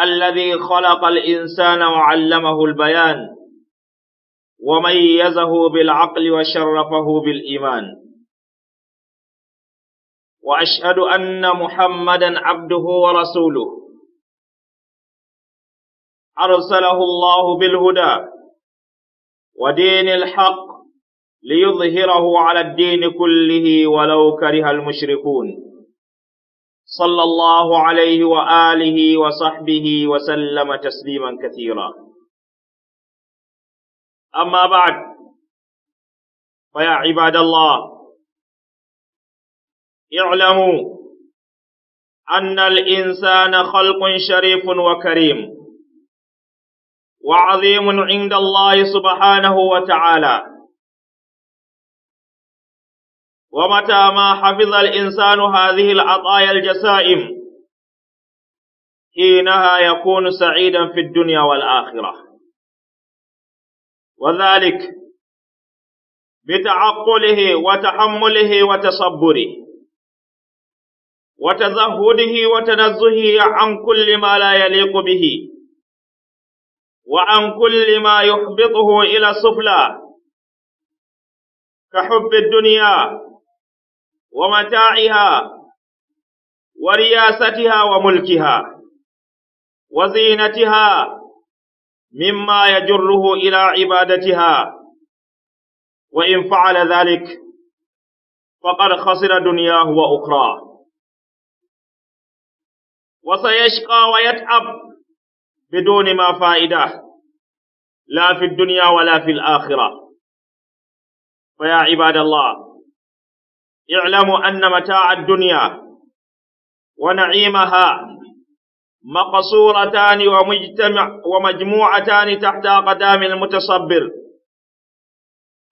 الذي خلق الإنسان وعلمه البيان وميزه بالعقل وشرفه بالإيمان وأشهد أن محمدا عبده ورسوله أرسله الله بالهدى ودين الحق ليظهره على الدين كله ولو كره المشركون صلى الله عليه وآله وصحبه وسلم تسليما كثيرا أما بعد فيا عباد الله اعلموا أن الإنسان خلق شريف وكريم وعظيم عند الله سبحانه وتعالى ومتى ما حفظ الإنسان هذه العطايا الجسائم حينها يكون سعيدا في الدنيا والآخرة وذلك بتعقله وتحمله وتصبره وتزهده وتنزهه عن كل ما لا يليق به وعن كل ما يحبطه إلى السفلى كحب الدنيا ومتاعها ورياستها وملكها وزينتها مما يجره إلى عبادتها وإن فعل ذلك فقد خسر دنياه وأخراه وسيشقى ويتعب بدون ما فائدة لا في الدنيا ولا في الآخرة فيا عباد الله اعلموا أن متاع الدنيا ونعيمها مقصورتان ومجتمع ومجموعتان تحت أقدام المتصبر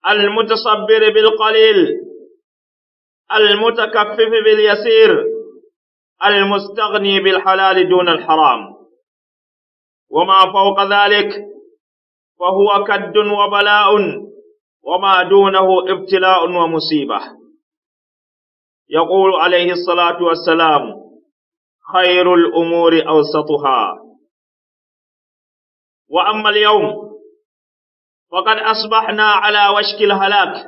المتصبر بالقليل المتكفف باليسير المستغني بالحلال دون الحرام وما فوق ذلك فهو كد وبلاء وما دونه ابتلاء ومصيبه يقول عليه الصلاة والسلام خير الأمور أوسطها وأما اليوم فقد أصبحنا على وشك الهلاك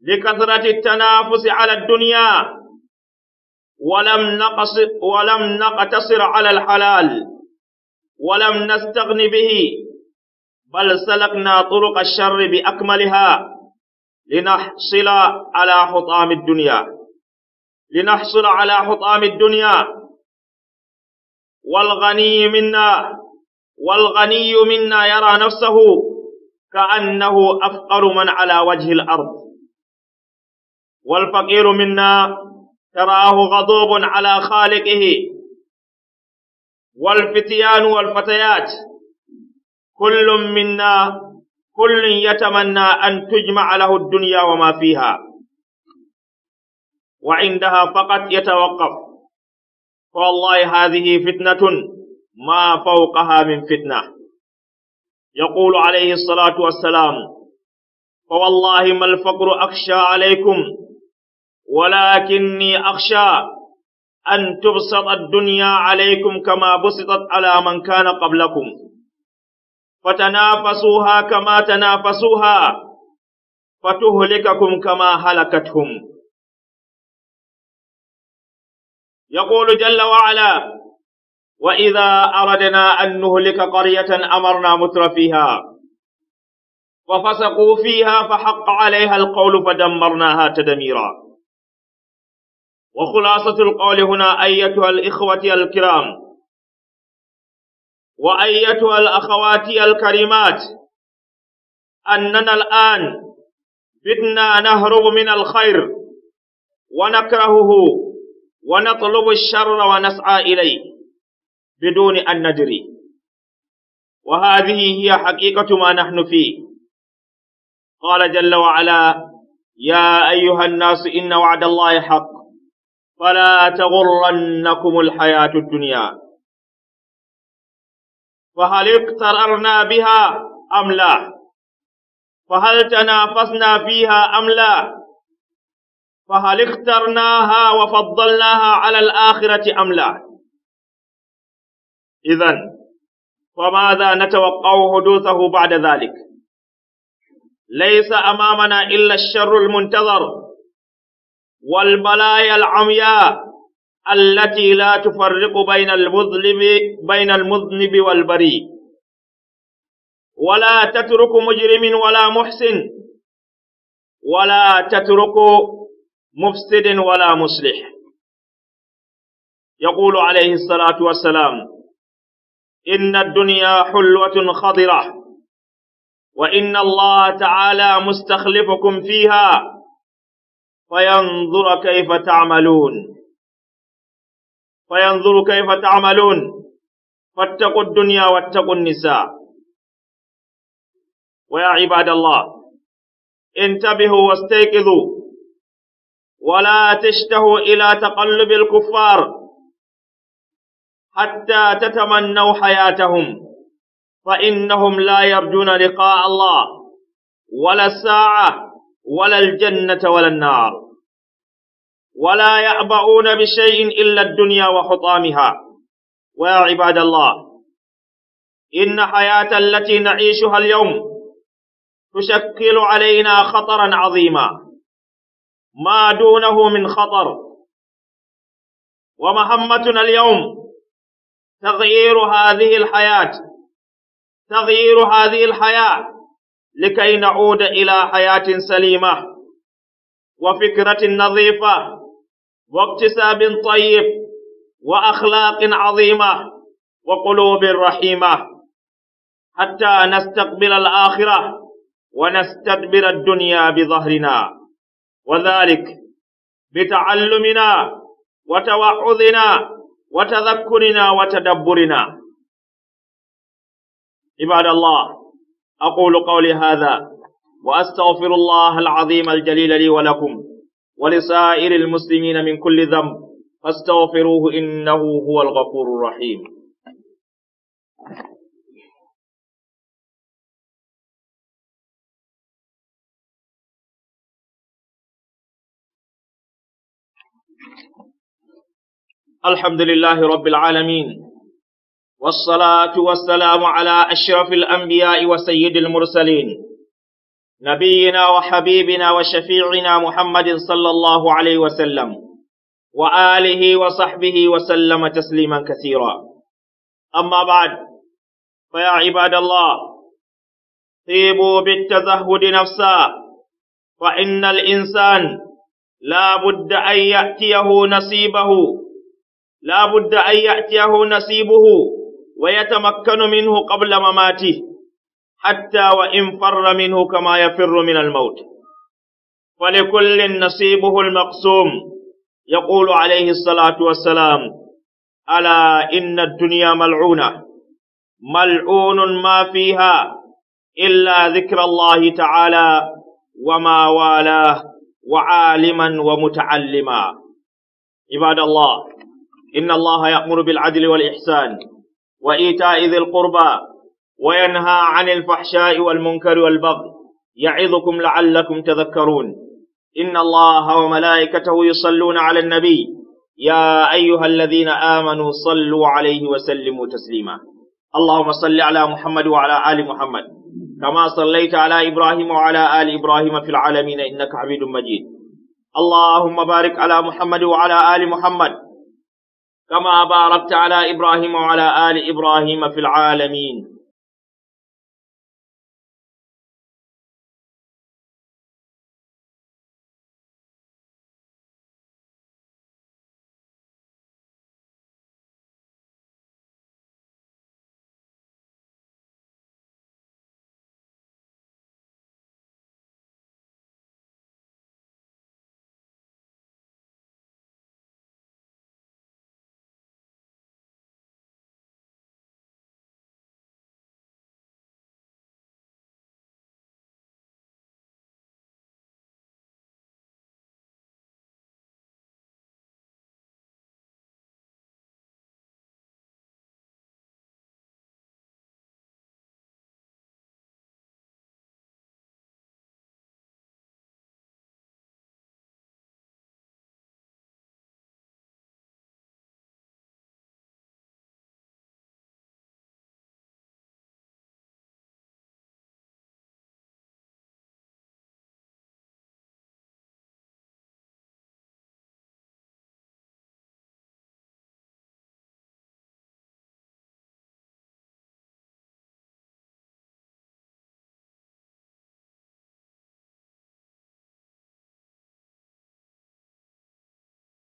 لكثرة التنافس على الدنيا ولم نقصر ولم نقتصر على الحلال ولم نستغن به بل سلكنا طرق الشر بأكملها لنحصل على حطام الدنيا لنحصل على حطام الدنيا والغني منا والغني منا يرى نفسه كأنه أفقر من على وجه الأرض والفقير منا تراه غضوب على خالقه والفتيان والفتيات كل منا كل يتمنى أن تجمع له الدنيا وما فيها وعندها فقط يتوقف فوالله هذه فتنة ما فوقها من فتنة يقول عليه الصلاة والسلام فوالله ما الفقر أخشى عليكم ولكني أخشى أن تبسط الدنيا عليكم كما بسطت على من كان قبلكم فتنافسوها كما تنافسوها فتهلككم كما هلكتهم يقول جل وعلا وإذا أردنا أن نهلك قرية أمرنا متر فيها وفسقوا فيها فحق عليها القول فدمرناها تدميرا وخلاصة القول هنا أيتها الإخوة الكرام وأيتها الأخوات الكريمات أننا الآن بدنا نهرب من الخير ونكرهه ونطلب الشر ونسعى إليه بدون أن ندري وهذه هي حقيقة ما نحن فيه قال جل وعلا يا أيها الناس إن وعد الله حق فلا تغرنكم الحياة الدنيا فهل اقتررنا بها أم لا فهل تنافسنا فيها أم لا فهل اخترناها وفضلناها على الآخرة أم لا إذا فماذا نتوقع حدوثه بعد ذلك ليس أمامنا إلا الشر المنتظر والبلايا العمياء التي لا تفرق بين المذنب بين المذنب والبريء ولا تترك مجرم ولا محسن ولا تترك مفسد ولا مصلح يقول عليه الصلاة والسلام إن الدنيا حلوة خضرة وإن الله تعالى مستخلفكم فيها فينظر كيف تعملون فينظر كيف تعملون فاتقوا الدنيا واتقوا النساء ويا عباد الله انتبهوا واستيقظوا ولا تشتهوا إلى تقلب الكفار حتى تتمنوا حياتهم فإنهم لا يرجون لقاء الله ولا الساعة ولا الجنة ولا النار ولا يعبؤون بشيء إلا الدنيا وحطامها ويا عباد الله إن حياة التي نعيشها اليوم تشكل علينا خطرا عظيما ما دونه من خطر ومهمتنا اليوم تغيير هذه الحياة تغيير هذه الحياة لكي نعود إلى حياة سليمة وفكرة نظيفة واكتساب طيب واخلاق عظيمه وقلوب رحيمه حتى نستقبل الاخره ونستدبر الدنيا بظهرنا وذلك بتعلمنا وتوعظنا وتذكرنا وتدبرنا عباد الله اقول قولي هذا واستغفر الله العظيم الجليل لي ولكم ولسائر المسلمين من كل ذنب فاستغفروه إنه هو الغفور الرحيم الحمد لله رب العالمين والصلاة والسلام على أشرف الأنبياء وسيد المرسلين نبينا وحبيبنا وشفيعنا محمد صلى الله عليه وسلم وآله وصحبه وسلم تسليما كثيرا أما بعد فيا عباد الله طيبوا بالتزهد نفسا فإن الإنسان لا بد أن يأتيه نصيبه لا بد أن يأتيه نصيبه ويتمكن منه قبل مماته حتى وإن فر منه كما يفر من الموت ولكل نصيبه المقسوم يقول عليه الصلاة والسلام ألا إن الدنيا ملعونة ملعون ما فيها إلا ذكر الله تعالى وما والاه وعالما ومتعلما عباد الله إن الله يأمر بالعدل والإحسان وإيتاء ذي القربى وينهى عن الفحشاء والمنكر والبغي يعظكم لعلكم تذكرون إن الله وملائكته يصلون على النبي يا أيها الذين آمنوا صلوا عليه وسلموا تسليما اللهم صل على محمد وعلى آل محمد كما صليت على إبراهيم وعلى آل إبراهيم في العالمين إنك حميد مجيد اللهم بارك على محمد وعلى آل محمد كما باركت على إبراهيم وعلى آل إبراهيم في العالمين